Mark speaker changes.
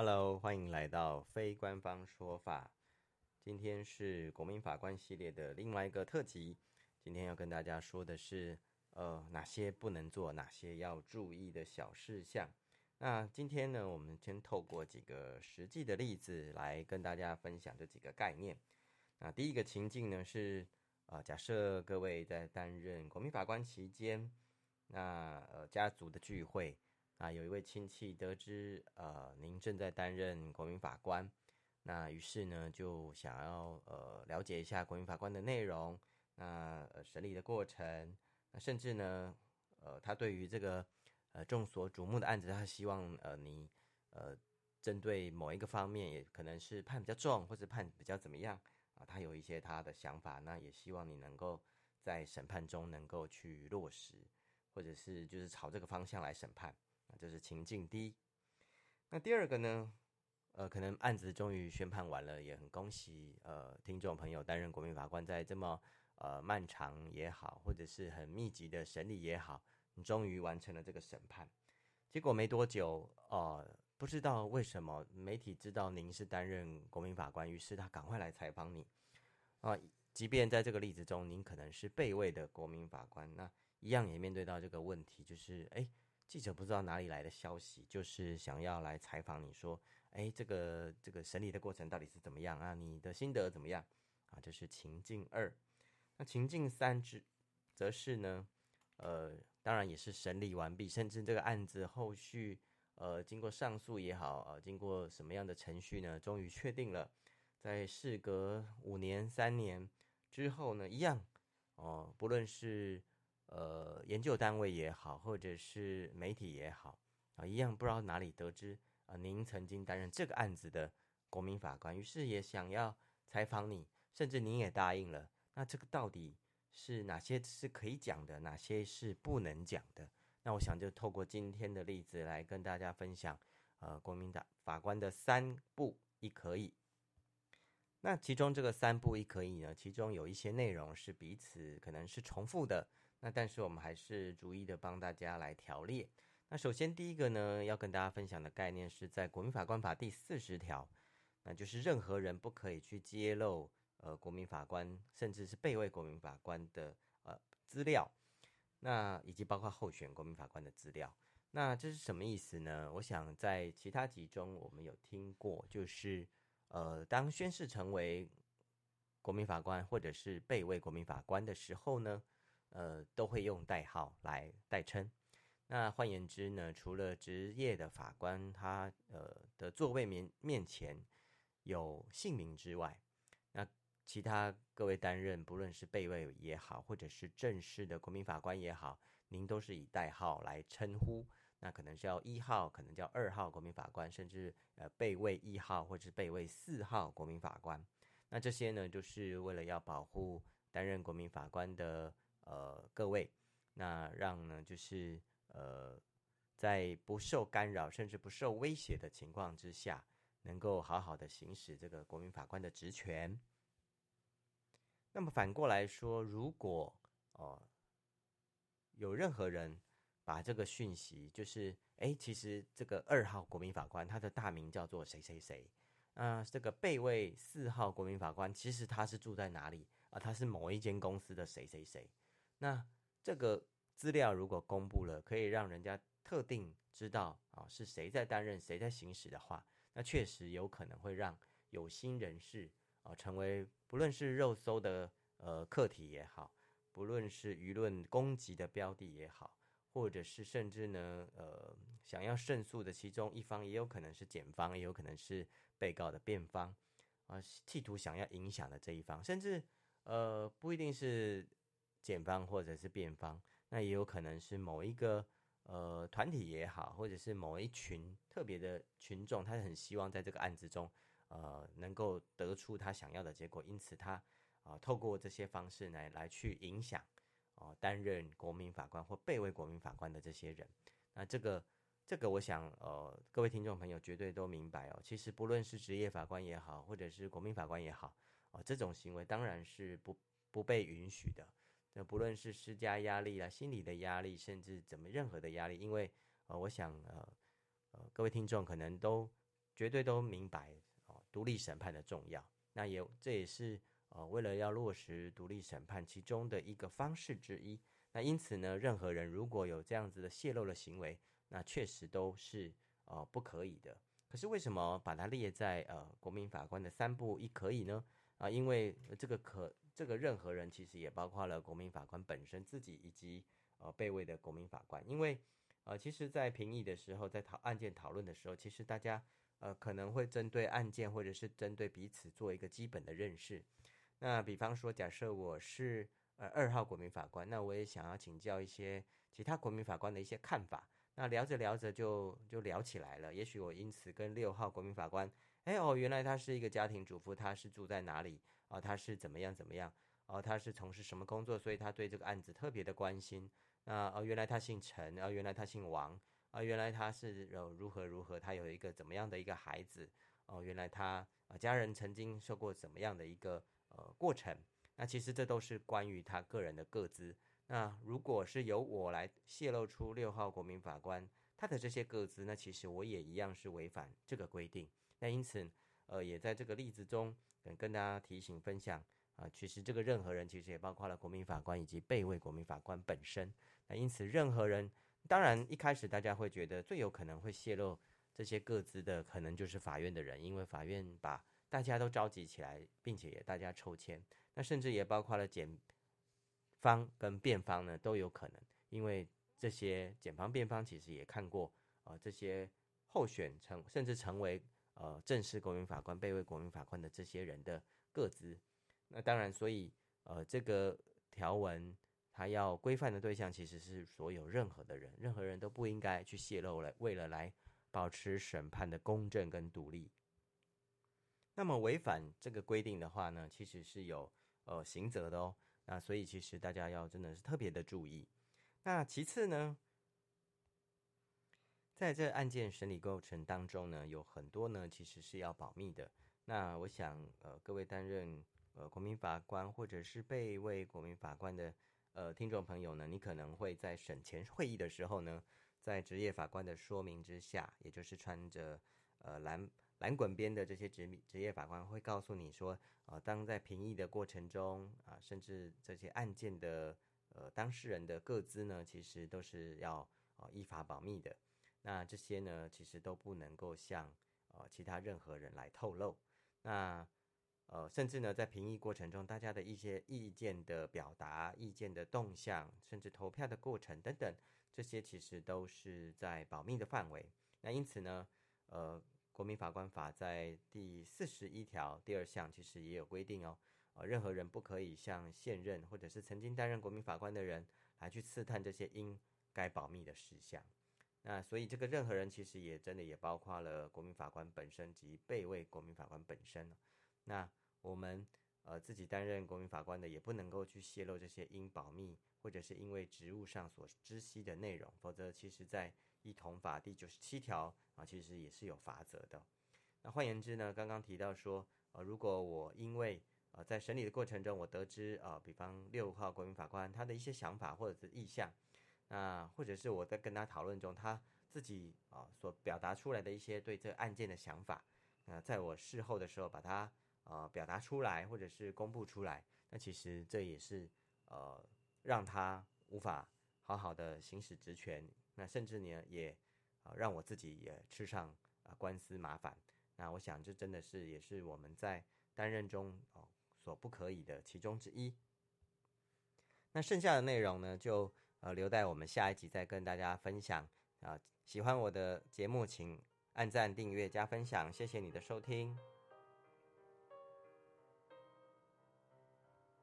Speaker 1: Hello，歡迎來到非官方說法。今天是國民法官系列的另外一個特輯。今天要跟大家說的是，呃，哪些不能做，哪些要注意的小事項。那今天呢，我們先透過幾個實際的例子來跟大家分享這幾個概念。那第一個情境呢，是，呃，假設各位在擔任國民法官期間，那呃，家族的聚會。啊，有一位親戚得知呃您正在擔任國民法官，那於是呢就想要呃了解一下國民法官的內容，那、呃、審理的過程，那甚至呢呃他對於這個呃眾所矚目的案子，他希望呃你呃針對某一個方面，也可能是判比較重或者判比較怎麼樣啊、呃，他有一些他的想法，那也希望你能夠在審判中能夠去落實，或者是就是朝這個方向來審判。就是情境一。那第二個呢？呃，可能案子終於宣判完了，也很恭喜。呃，聽眾朋友擔任國民法官，在這麼呃漫長也好，或者是很密集的審理也好，你終於完成了這個審判。結果沒多久，呃，不知道為什麼媒體知道您是擔任國民法官，於是他趕快來採訪你。啊、呃，即便在這個例子中，您可能是備位的國民法官，那一樣也面對到這個問題，就是哎。誒記者不知道哪裡來的消息，就是想要來採訪你說，哎，這個這個審理的過程到底是怎麼樣啊？你的心得怎麼樣啊？就是情境二。那情境三之，則是呢，呃，當然也是審理完畢，甚至這個案子後續，呃，經過上訴也好啊、呃，經過什麼樣的程序呢？終於確定了，在事隔五年、三年之後呢，一樣，哦、呃，不論是。呃，研究單位也好，或者是媒體也好，啊、呃，一樣不知道哪裡得知啊、呃，您曾經擔任這個案子的國民法官，於是也想要採訪你，甚至您也答應了。那這個到底是哪些是可以講的，哪些是不能講的？那我想就透過今天的例子來跟大家分享，呃，國民法官的三不一可以。那其中這個三不一可以呢，其中有一些內容是彼此可能是重複的。那但是我們還是逐一的幫大家來條列。那首先第一個呢，要跟大家分享的概念是在《國民法官法》第四十條，那就是任何人不可以去揭露呃國民法官甚至是備位國民法官的呃資料，那以及包括候選國民法官的資料。那這是什麼意思呢？我想在其他集中我們有聽過，就是呃，當宣誓成為國民法官或者是備位國民法官的時候呢。呃，都會用代號來代稱。那換言之呢，除了職業的法官，他呃的座位面面前有姓名之外，那其他各位擔任，不論是備位也好，或者是正式的國民法官也好，您都是以代號來稱呼。那可能是叫一號，可能叫二號國民法官，甚至呃備位一號或者是備位四號國民法官。那這些呢，就是為了要保護擔任國民法官的。呃，各位，那讓呢，就是呃，在不受干擾甚至不受威脅的情況之下，能夠好好的行使這個國民法官的職權。那麼反過來說，如果哦、呃、有任何人把這個訊息，就是哎，其實這個二號國民法官他的大名叫做誰誰誰，啊、呃，這個備位四號國民法官其實他是住在哪裡啊、呃？他是某一間公司的誰誰誰。那這個資料如果公布了，可以讓人家特定知道啊是誰在擔任，誰在行使的話，那確實有可能會讓有心人士啊成為不論是肉搜的呃客體，也好，不論是輿論攻擊的標的也好，或者是甚至呢呃想要勝訴的其中一方，也有可能是檢方，也有可能是被告的辯方啊，企圖想要影響的這一方，甚至呃不一定是檢方或者是辯方，那也有可能是某一個呃團體也好，或者是某一群特別的群眾，他很希望在這個案子中，呃，能夠得出他想要的結果，因此他啊、呃，透過這些方式來來去影響啊、呃，擔任國民法官或備位國民法官的這些人，那這個這個，我想呃，各位聽眾朋友絕對都明白哦，其實不論是職業法官也好，或者是國民法官也好，啊、呃，這種行為當然是不不被允許的。那不論是施加壓力啦、啊，心理的壓力，甚至怎麼任何的壓力，因為呃，我想呃呃，各位聽眾可能都絕對都明白、呃、獨立審判的重要。那也這也是呃，為了要落實獨立審判其中的一個方式之一。那因此呢，任何人如果有這樣子的泄露的行為，那確實都是呃不可以的。可是為什麼把它列在呃國民法官的三不一可以呢？啊，因為這個可這個任何人其實也包括了國民法官本身自己以及呃備位的國民法官，因為呃，其實在評議的時候，在討案件討論的時候，其實大家呃可能會針對案件或者是針對彼此做一個基本的認識。那比方說，假設我是呃二號國民法官，那我也想要請教一些其他國民法官的一些看法。那聊着聊着就就聊起來了，也許我因此跟六號國民法官。哎，哦，原來他是一個家庭主婦，他是住在哪裡啊、哦？他是怎麼樣怎麼樣啊、哦？他是從事什麼工作？所以他對這個案子特別的關心。那哦，原來他姓陳，啊、哦，原來他姓王，啊、哦，原來他是呃如何如何，他有一個怎麼樣的一個孩子？哦，原來他家人曾經受過怎麼樣的一個呃過程？那其實這都是關於他個人的個資。那如果是由我來洩露出六號國民法官他的這些個資，那其實我也一樣是違反這個規定。那因此，呃，也在這個例子中，跟跟大家提醒分享啊、呃，其實這個任何人，其實也包括了國民法官以及備位國民法官本身。那因此，任何人，當然一開始大家會覺得最有可能會洩露這些個資的，可能就是法院的人，因為法院把大家都召集起來，並且也大家抽籤。那甚至也包括了檢方跟辯方呢，都有可能，因為這些檢方、辯方其實也看過啊、呃，這些候選成甚至成為。呃，正式國民法官、備位國民法官的這些人的個資。那當然，所以呃，這個條文它要規範的對象其實是所有任何的人，任何人都不應該去洩露了，為了來保持審判的公正跟獨立，那麼違反這個規定的話呢，其實是有呃刑責的哦。那所以其實大家要真的是特別的注意。那其次呢，在這案件審理過程當中呢，有很多呢其實是要保密的。那我想，呃，各位擔任呃國民法官或者是備位國民法官的呃聽眾朋友呢，你可能會在審前會議的時候呢，在職業法官的說明之下，也就是穿着呃藍藍滾邊的這些職職業法官會告訴你說，呃，當在評議的過程中啊、呃，甚至這些案件的呃當事人的個資呢，其實都是要呃依法保密的。那這些呢，其實都不能夠向呃其他任何人來透露。那呃，甚至呢，在評議過程中，大家的一些意見的表達、意見的動向，甚至投票的過程等等，這些其實都是在保密的範圍。那因此呢，呃，國民法官法在第四十一條第二項其實也有規定哦，呃，任何人不可以向現任或者是曾經擔任國民法官的人來去刺探這些應該保密的事項。那所以這個任何人其實也真的也包括了國民法官本身及備位國民法官本身，那我們呃自己擔任國民法官的也不能夠去洩露這些應保密或者是因為職務上所知悉的內容，否則其實在一統法第九十七條啊其實也是有罰則的。那換言之呢，剛剛提到說呃如果我因為呃在審理的過程中我得知啊、呃、比方六號國民法官他的一些想法或者是意向。那或者是我在跟他討論中，他自己啊所表達出來的一些對這個案件的想法，呃，在我事後的時候把他啊表達出來，或者是公布出來，那其實這也是呃讓他無法好好的行使職權，那甚至呢也啊讓我自己也吃上啊官司麻煩，那我想這真的是也是我們在擔任中哦所不可以的其中之一。那剩下的內容呢就。呃，留待我們下一集再跟大家分享。啊，喜歡我的節目，請按贊、訂閱、加分享，謝謝你的收聽。